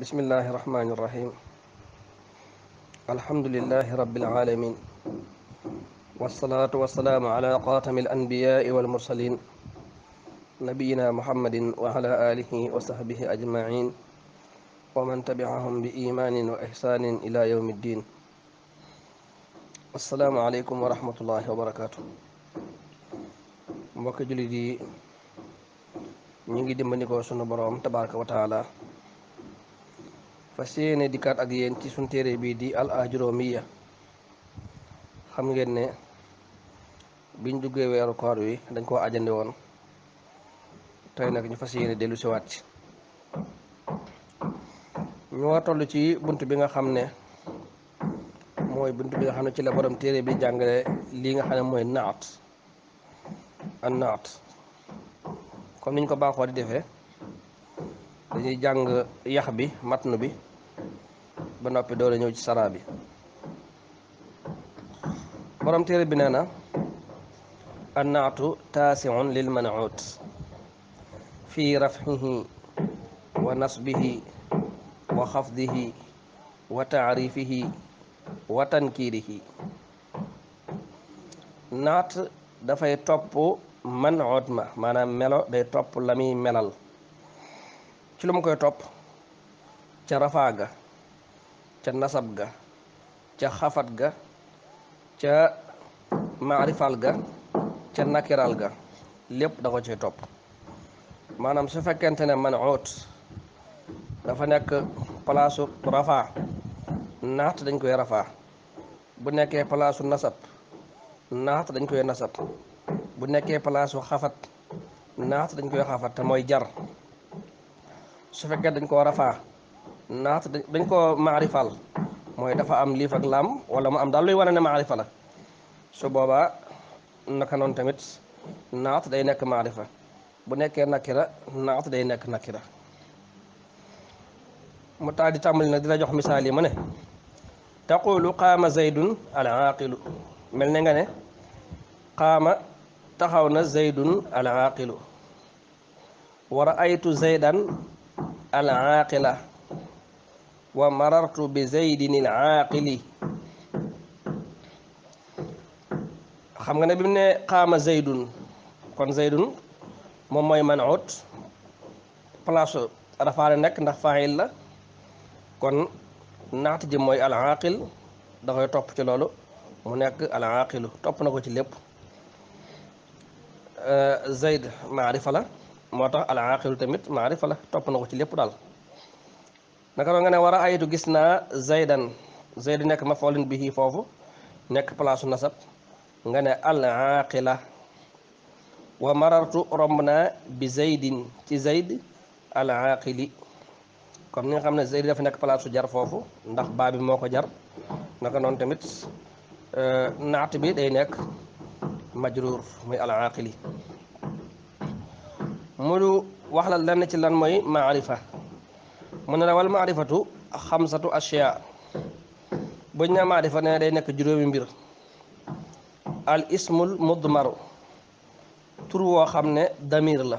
بسم الله الرحمن الرحيم الحمد لله رب العالمين والصلاة والسلام على قاتم الأنبياء والمرسلين نبينا محمد وعلى آله وصحبه أجمعين ومن تبعهم بإيمان وإحسان إلى يوم الدين السلام عليكم ورحمة الله وبركاته mbokk دي نيجي دي ngi dimbandikoo sunu boroom وتعالى fas yéene dikkaat ak yéen ci suñ téere bii di al ajuroomiya xam ngeen ne biñ duggee weeru koor wi dañ koo ajandi woon tey nag ñu fas yéene dellu siwaat ci ñu war toll ci bunt bi nga xam ne mooy bunt bi nga xam ne ci la borom téere bi jàngale lii nga xam ne mooy naat an naat comme niñ ko baaxoo di defee dañuy jàng yax bi matnu bi ba nopi doole ñew ci saraa bi borom téere bi nee lil man'ut fi raf'ihi wa nasbihi wa khafdihi, wa ta'rifihi wa nat naat fay top man'ut ma manam melo day top lamiy melal ci lu mu koy top ci rafaga ca nasab ga ca xafat ga ca maarifal ga ca nakiral ga lépp da ko ci topp maanaam su fekkente ne man oot dafa nekk palaasu rafaa naat dañ koy rafaa bu nekkee palaasu nasab naat dañ koy nasab bu nekkee palaasu xafat naat dañ koy xafat te mooy jar su fekkee dañ koo rafaa naat dañ koo maarifal dafa am liif ak laam wala mu am daal luy wane ne su boobaa naka tamit naat day nekk maarifa bu nekkee nakira naat day nekk nakira mu taal di tàmbali nag dina jox misaal yi mu ne taqulu qaama zaydun al aaqilu mel ne nga ne qaama taxaw na zaydun al aaqilu wa raaytu zaydan al aaqila wa marartu bi zaydin il aaqili xam nga ne bi mu ne qaama zaydun kon zaydun moom mooy man'ut place rafaa la nekk ndax faa'il la kon naxt ji mooy al aaqil da koy topp ci loolu mu nekk al aaqilu topp na ko ci lépp euh, zayd maarifa la moo tax al aaqilu tamit maarifa la topp na ko ci lépp daal naka noonu nga ne war a ayitu gis naa zaydan zayd nekk mafoolin bihi foofu nekk palaasu nasab nga ne al aaqila wa marartu romb bi zaydin ci zayd al aaqili comme ni nga xam ne zayd dafa nekk palaasu jar foofu ndax baa bi moo ko jar naka noonu tamit euh, naat bi day nekk majruur muy al aaqili mu wax la lenn ci lan mooy maarifa mu ne la wal maarifatu xamsatu ashyaa bëñ ne maarifa ne day nekk juróomi mbir al ismul mudmaru tur woo xam ne damir la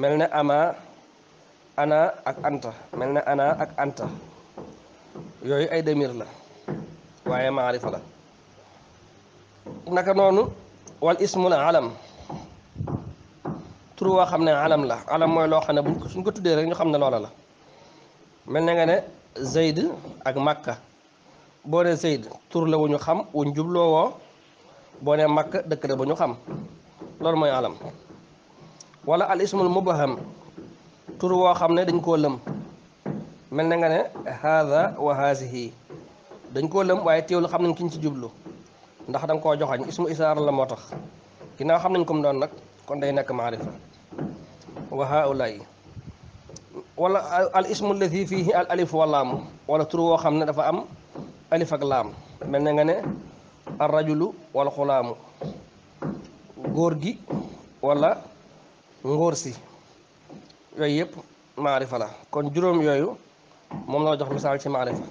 mel ne ama ana ak anta mel ne ana ak anta yooyu ay damir la waaye maarifa la naka noonu wal ismul alam tur woo xam ne alam la alam mooy loo xam ne buñ ko suñ ko tuddee rek ñu xam ne loola la mel na nga ne Zayd ak màkka boo ne Zayd tur la wu ñu xam wuñ jubloo woo boo ne màkk dëkk la bu ñu xam loolu mooy alam wala al ismul mubham tur woo xam ne dañ koo lëm mel na nga ne haada wa haasihi dañ koo lëm waaye teewlu xam nañ kiñ ci jublu ndax da nga koo joxañ ismu isaara la moo tax ginnaaw xam nañ comme doon nag kon day nekk maarifa wa haulaay wala al ismu alladi fihi al alif wa laam wala tur woo xam ne dafa am alif ak laam mel na nga ne ar rajulu wala xulaamu góor gi wala ngóor si yooyu yëpp maarifa kon juróom yooyu moom la jox misaal ci maarifa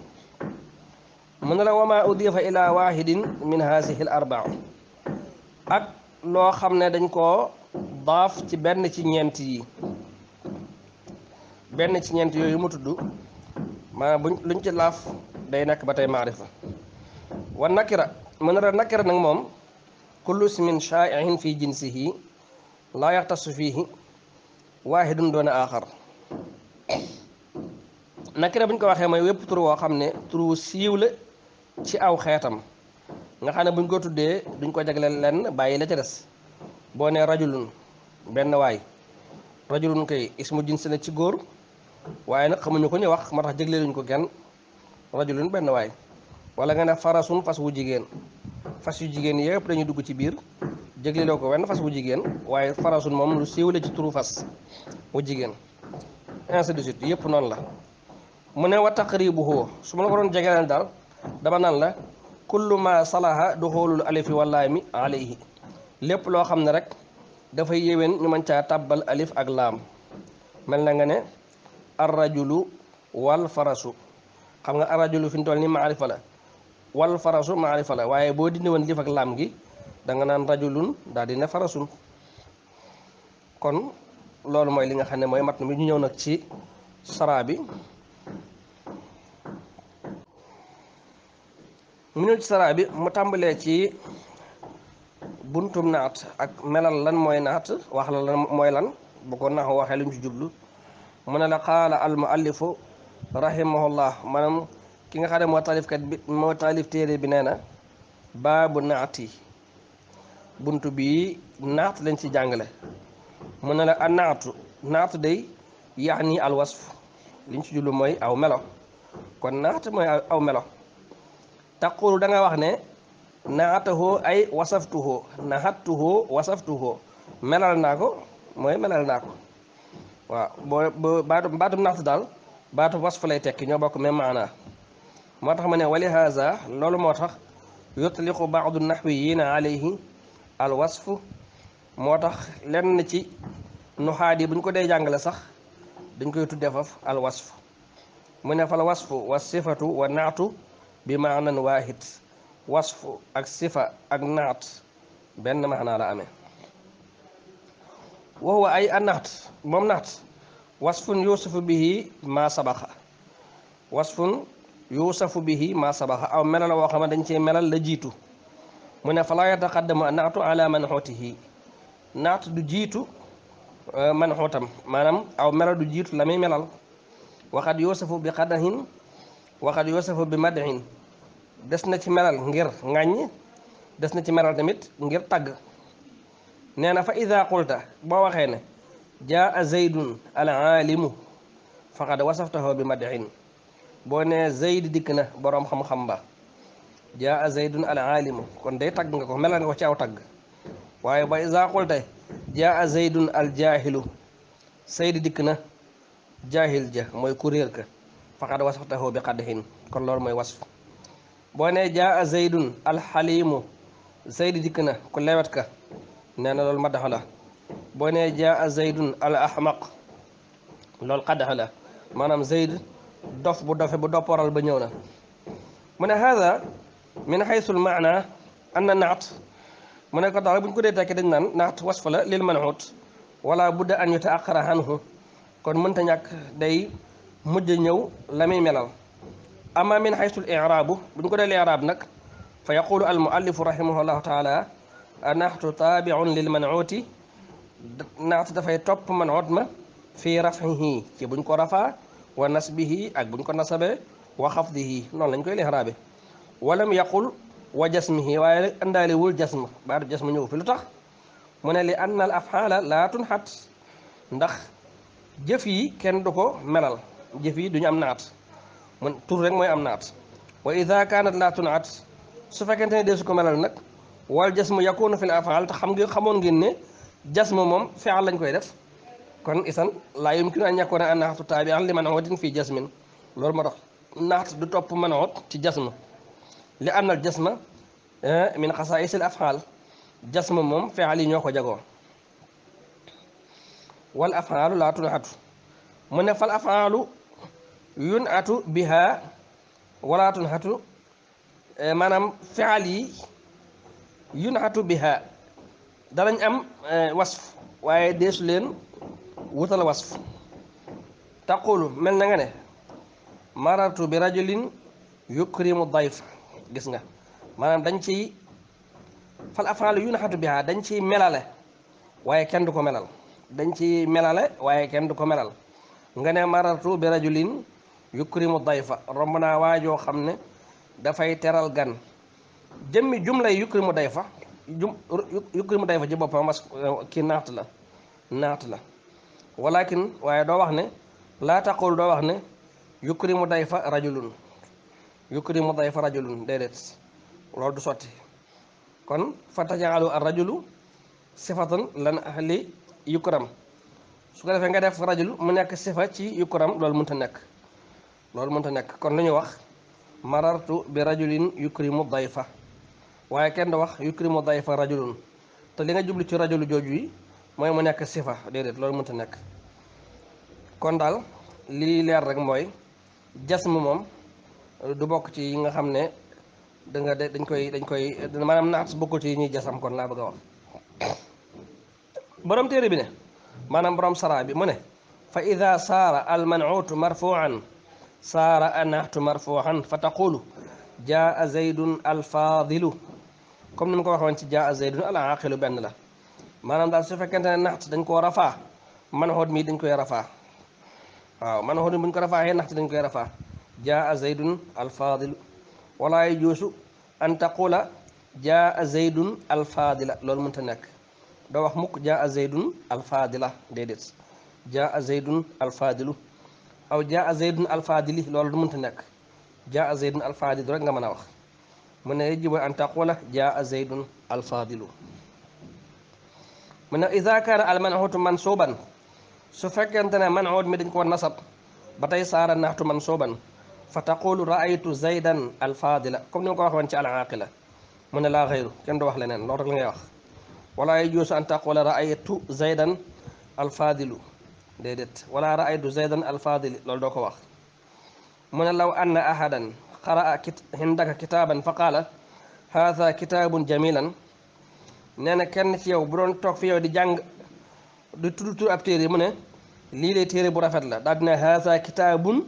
mu ne la wama udifa ila wahidin min haasihi l arbaa ak loo xam ne dañ koo daaf ci benn ci ñeent yi benn ci ñeent yooyu mu tudd maanaam buñ luñ ci laaf day nekk ba tey maarifa wan nakira mën a nakira nag moom kullu ismin shaa'i'in fi jinsihi laa yaxtasu fiihi waahidun doona aaxar nakira buñ ko waxee mooy wépp woo xam ne tur wu la ci aw xeetam nga xam buñ ko tuddee duñ ko jagleel lenn bàyyi la ca des boo nee rajulun benn waay rajulun kay ismu jinsi la ci góor waye nak xamuñu ko ñu wax ma tax luñ ko kenn rajulun ben way wala nga ne farasun fas wu jigen fas yu jigen yépp dañu dugg ci biir jégleeloo ko wenn fas wu jigen waye farasun mom lu siiw ci turu fas wu jigen ainsi de suite yépp non la mu ne wa taqribuhu suma la ko doon dama nan la kullu ma salaha du alif wal lam alayhi lépp lo rek da fay yewen ñu mën ca tabal alif ak lam melna nga ne arrajulu wal farasu xam nga arrajulu fi ñu toll nii maarifa la wal farasu maarifa la waaye boo dindi woon jëf ak laam gi danga nga naan rajulun daal di ne farasun kon loolu mooy li nga xam ne mooy mat na mi ñu ñëw nag ci saraa bi mu ci saraa bi mu tàmbalee ci buntum naat ak melal lan mooy naat wax la lan mooy lan bu ko nax waxee luñ ci jublu mu ne la qaala al muallifu rahimahullah maanaam ki nga xam ne moo taalifkat bi moo taalif téere bi nee na baabu naati bunt bii naat lañ ci jàngale mu ne la a naatu naatu day yaani al wasf liñ ci jullu mooy aw melo kon naat mooy aw melo taqulu danga wax ne naatahoo ay wasaftuhoo nahattuhoo wasaftuhoo melal naa ko mooy melal naa ko waaw boo baatu baatu naft daal baatum wasfu lay tekki ñoo bokk même maana moo tax ma ne wali haza loolu moo tax yutliqu baadu naxwiyiina alayhi al wasfu moo tax lenn ci nuxaat yi bu ñu ko dee jàngale sax dañ koy tuddee faf al wasfu mu ne fal wasfu wa sifatu wa naatu bi maanan waahid wasfu ak sifa ak naat benn maanaa la amee وهو أي النحت مم نحت وصف يوسف به ما سبق وصف يوسف به ما سبق أو ملل وخما دنجي ملل لجيتو من فلا يتقدم النحت على من منحوته نعت دو جيتو آه، منحوتم مانام أو ملل دجيتو لم لمي وقد يوسف بقدح وقد يوسف بمدح دسنا تي ملل غير غاني دسنا تي ملل تميت غير تاغ nee na fa ida qulta boo waxee ne jaa zaydun al aalimu faqad wasaftahu bi madhin boo nee zayd dikk na boroom xam-xam ba jaa zaydun al aalimu kon day tagg nga ko melal nga ko ci aw tagg waaye ba ida qulta jaa zaydun al jaahilu zayd dikk na jaahil ja mooy kuréel ka faqad wasaftahu bi qadhin kon loolu mooy wasf boo nee jaa zaydun al xaliimu zayd dikk na ku lewet ka نانا لول مدح لا بوني جاء زيد الاحمق لول قدح لا مانام زيد دوف بو دوف بو دوبورال با نيونا من هذا من حيث المعنى ان النعت من كو داغ بون كو دي تاك دنج نان نعت وصف لا للمنعوت ولا بد ان يتاخر عنه كون مونتا نياك داي مودي نيو لامي ميلال اما من حيث الاعراب بون كو دي الاعراب نك فيقول المؤلف رحمه الله تعالى naxtu taabiun lil man'uuti naxtu dafay topp man'uut ma fii raf'ihi ci buñ ko rafaa wa nasbihi ak buñ ko nasabee wa xafdihi noonu lañ koy lixraabe walam yaqul wa jasmihi waaye andaalewul jasma baatu jasma ñëw fi lu tax mu ne li anna al afxaala laa tunxat ndax jëf yi kenn du ko melal jëf yi duñu am naat mun tur rek mooy am naat wa ida kaanat laa tunxat su fekkente ne dee su ko melal nag wal jasmu yakunu fi l afaal te xam nga xamoon ngeen ne jasmu moom fi'al lañ koy def kon isan laa yumkinu an yakuna an naxtu taabian li man'utin fi jasmin loolu moo tax naxt du topp man'ut ci jasmu li anna al jasma min xasaa'is al afaal jasmu moom fi'al yi ñoo ko jagoo wal afaalu laa tun'atu mu ne fal afaalu yun'atu biha wala tun'atu maanaam fi'al yi yun yunaatu biha danañ am eh, was waaye deesu leen wutal wasf taqulu mel na nga ne marartu bi rajulin yukrimu dayf gis nga maanaam dañ ciy fal afaalu yunaatu biha dañ ciy melale waaye kenn du ko melal dañ ci melale waaye kenn du ko melal nga ne marartu bi rajulin yukrimu dayfa romb naa waajoo xam ne dafay teral gan jëmmi jumlay mu day fa jum mu day fa ci boppam mas euh, kii naat la naat la walakin waaye doo wax ne laa taqul doo wax ne yukrimu day fa rajulun yukrimu day fa rajulun déedéet loolu du sotti kon fa tajaalu ar rajulu sifatan lan ahli yukram su ko defee nga def rajul mu nekk sifa ci yukram loolu mënta nekk loolu mënta nekk kon lu ñu wax marartu bi rajulin yukrimu fa waaye kenn wax yukrimu dayfa rajulun te li nga jublu ci rajulu jooju yi mooy mu nekk sifa déedéet loolu mënta nekk kon daal lii leer rek mooy jasm moom du bokk ci yi nga xam ne danga nga dañ koy dañ koy maanaam naat bokkul ci yi ñuy jasam kon laa bëgg a wax borom téere bi ne maanaam borom saraa bi mu ne fa ida saara almanuutu marfuan saara anaatu marfuan fa taqulu jaa zaydun alfaadilu comme ni ma ko waxoon ci jaa zaydun al aqilu benn la maanaam daal su fekkente ne naxt dañ koo rafaa man xoot mii dañ koy rafaa waaw man xoot mi bu ñu ko rafaaxee naxt dañ koy rafaa jaa zaydun al faadilu walaa yajuusu an taqula jaa zaydun al faadila loolu mënta nekk doo wax mukk jaa zaydun al faadila déedéet jaa zaydun al faadilu aw jaa zaydun al faadili loolu du mënta nekk jaa zaydun al faadilu rek nga mën a wax mu ne yajibu an taqula jaa zaydun alfaadilu mu ne ida kaana almanhuutu mansuuban su fekkente ne manhuut mi dañ ko nasab ba tey saara naxtu mansuuban fa taqulu raaytu zaydan alfaadila comme ni ko waxee woon ci alaaqila mu ne laa xayru kenn du wax leneen loolu rek la ngay wax wala yajuusu an taqula raaytu zaydan alfaadilu déedéet wala raaytu zaydan alfaadili loolu doo ko wax mu ne law anna ahadan قرأ هندك كتابا فقال هذا كتاب جميلا نانا كان في يو برون توك في يو دي جانج دي تدو اب تيري من لي لي تيري بو لا دادنا هذا كتاب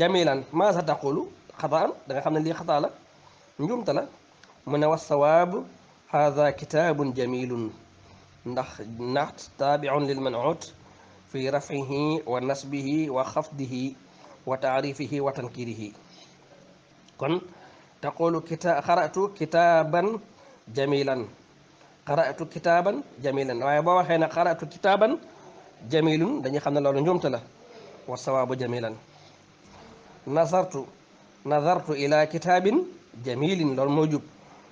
جميلا ماذا تقول خطا دا خامن لي خطا لا نجومتا لا من والصواب هذا كتاب جميل ndax naxt تابع للمنعوت في رفعه raf'ihi وخفضه وتعريفه وتنكيره kon taqulu kita xaratu kitaaban jamilan xaratu kitaaban jamilan waaye boo waxee ne xaratu kitaaban jamilun dañuy xam ne loolu njuumte la wa sawaabu jamilan nasartu nazartu ila kitaabin jamilin loolu moo jub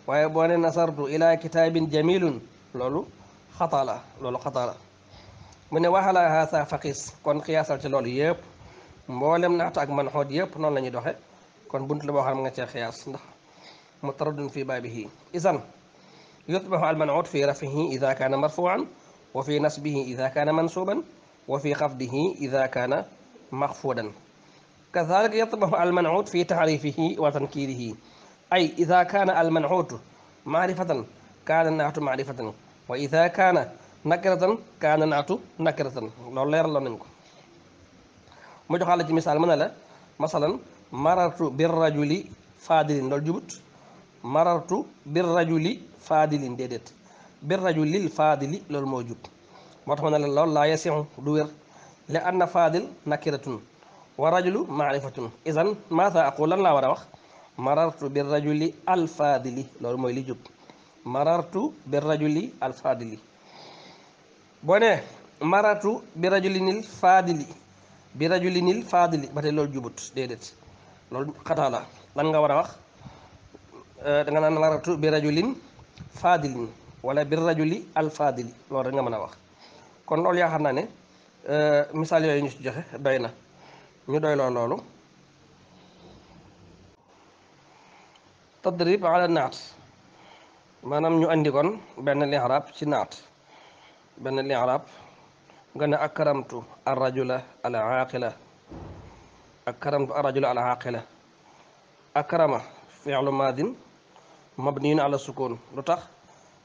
waaye boo ne nasartu ila kitaabin jamilun loolu xataa la loolu mu ne waxala haasa faqis kon xiyaasal loolu yëpp mboolem naxtu ak man xoot yëpp noonu la ñuy doxe كون بنت لبا خام نغا تي خياس ندخ مطرد في بابه اذا يطبح المنعوت في رفعه اذا كان مرفوعا وفي نصبه اذا كان منصوبا وفي خفضه اذا كان مخفوضا كذلك يطبح المنعوت في تعريفه وتنكيره اي اذا كان المنعوت معرفه كان النعت معرفه واذا كان نكره كان النعت نكره لو لير لا نكو ما جوخال مثال من لا مثلا marartu bir rajuli faadilin loolu jubut marartu bir rajuli faadilin déedéet bir rajulil faadili loolu moo jub moo tax ma ne la loolu laa yasihu du wér li anna faadil nakiratun wa rajulu maarifatun idan maata aqul lan laa war a wax marartu bir rajuli al faadili loolu mooy li jub marartu bir rajuli al faadili boo ne marartu bi rajulinil faadili bi rajulinil faadili ba tey loolu jubut déedéet loolu xataa lan nga war a wax euh, da nga naan laratu bi rajulin faadilin wala bi rajuli al faadili loolu rek nga mën a wax kon loolu yaa xam naa ne euh, misaal yooyu ñu ci joxe doy na ñu doy loo loolu tadrib ala naat maanaam ñu andi kon benn li'raab ci naat benn li'raab nga ne akramtu ar rajula al aaqila أكرمت الرجل العاقلة أكرم فعل ماض مبني على السكون lu tax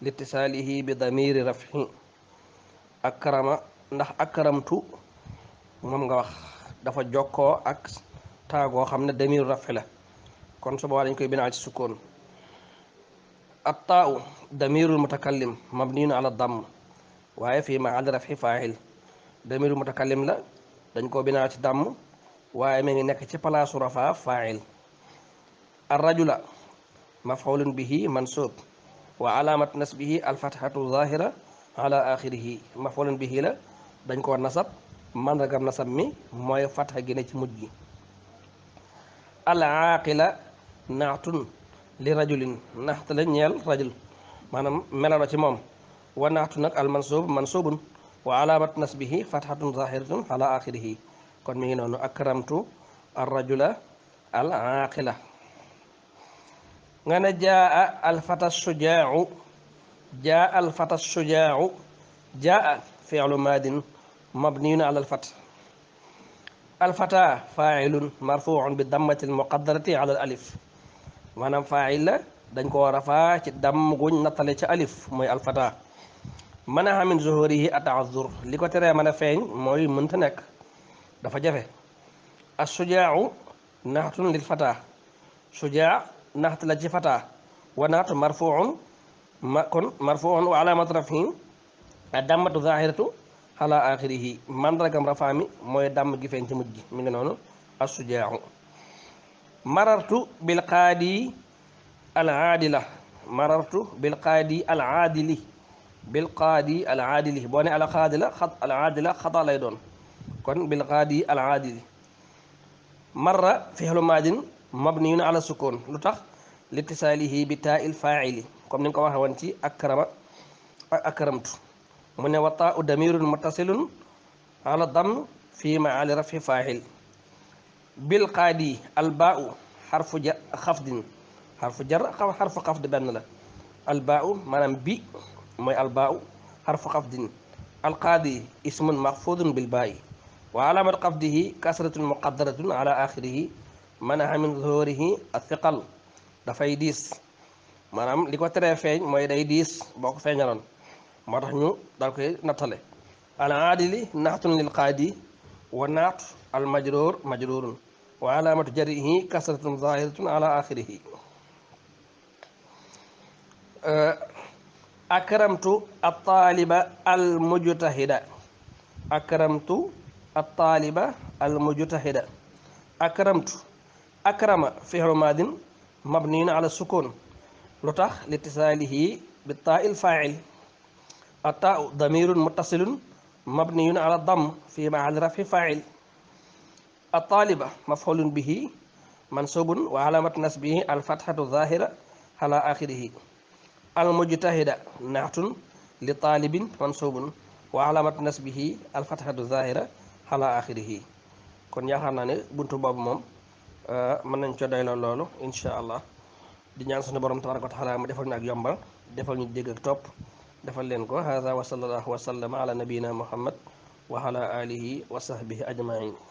لاتصاله بضمير رفع أكرم ndax أكرمت moom nga wax dafa jokkoo ak taagoo xam ne damiru rafi la kon su boobaa dañ koy binaa ci sukkoon at taa'u damirul mutakallim mabniun ala damm waaye fii ma ad rafi faa'il damirul mutakallim la dañ koo binaa ci damm waaye mi ngi nekk ci palaasu rafa fail arrajula mafulun bihi mansub wa alaamat nasbihi alfathatu zahira ala axirihi mafulun bihi la dañ ko nasab mandargam nasab mi mooy fatha gi ne ci mujj gi al aaqila naatun li rajulin naxta la ñeel rajul maanaam melalo ci moom wa naatu nag al mansub mansubun wa alaamat nasbihi fathatun zahiratun ala axirihi kon mi ngi nonu akramtu ar-rajula al-aqila ngana jaa al-fata shujaa'u jaa al-fata shujaa'u jaa fi'lu madin mabniun 'ala al-fat الفتى فاعل مرفوع بالضمة المقدرة على الألف من فاعل دنكو رفا دم غن نطلي ألف موي الفتى منها من زهوره التعذر لكو تري من فين موي منتنك dafa jafe as sujaacu naxtun lil fataa sujaac naxt la ci fataa wa naxtu marfuun ma kon marfuun wa alaamat rafihi a dammatu zahiratu ala axirihi mandargam rafaa mi mooy dàmm gi feeñ ci mujj mi ngi noonu as sujaacu marartu bil qaadi al aadila marartu bil qaadi al aadili bil qaadi al aadili boo al qaadi la al aadila xata lay doon kon bil qaadi al aadili marra fixlu maadin mabniyun ala sukun lu tax litisaalihi bi taa il faaili comme ni ko waxee woon ci akrama ak akramtu mu ne u damirun muttasilun ala dam fi maali rafi faail bil qaadi al baau xarfu xafdin xarfu jar xarfu xafd bi mooy al baau xarfu xafdin al qaadi ismun maxfuudun bil baa'i وعلامة قفده كسرة مقدرة على آخره منع min zuhurihi athiqal dafay diis maanaam li ko teree feeñ mooy day diis boo ko feeñaloon moo tax ñu dal koy nattale al aadili naxtun lil qaadi wa naatu al majruur majruurun wa alaamatu jarihi kasratun zahiratun ala axirihi akramtu al taaliba al mujtahida akramtu الطالبة المجتهدة أكرمت أكرم في ماد مبني على السكون لطخ لاتصاله بالطاء الفاعل الطاء ضمير متصل مبني على الضم في محل رفع فاعل الطالبة مفعول به منصوب وعلامة نسبه الفتحة الظاهرة على آخره المجتهدة نعت لطالب منصوب وعلامة نسبه الفتحة الظاهرة xalaa axirihi kon yaakaar naa ne buntu boobu moom euh, man nañ co doyloo loolu incha allah di ñaan suñu borom tabaraka wa taala mu defal ñu ak yombal defal ñu dégg ak topp defal leen ko hada wa sallallahu wa sallama ala nabiyina muhammad wa ala alihi wa sahbihi ajmain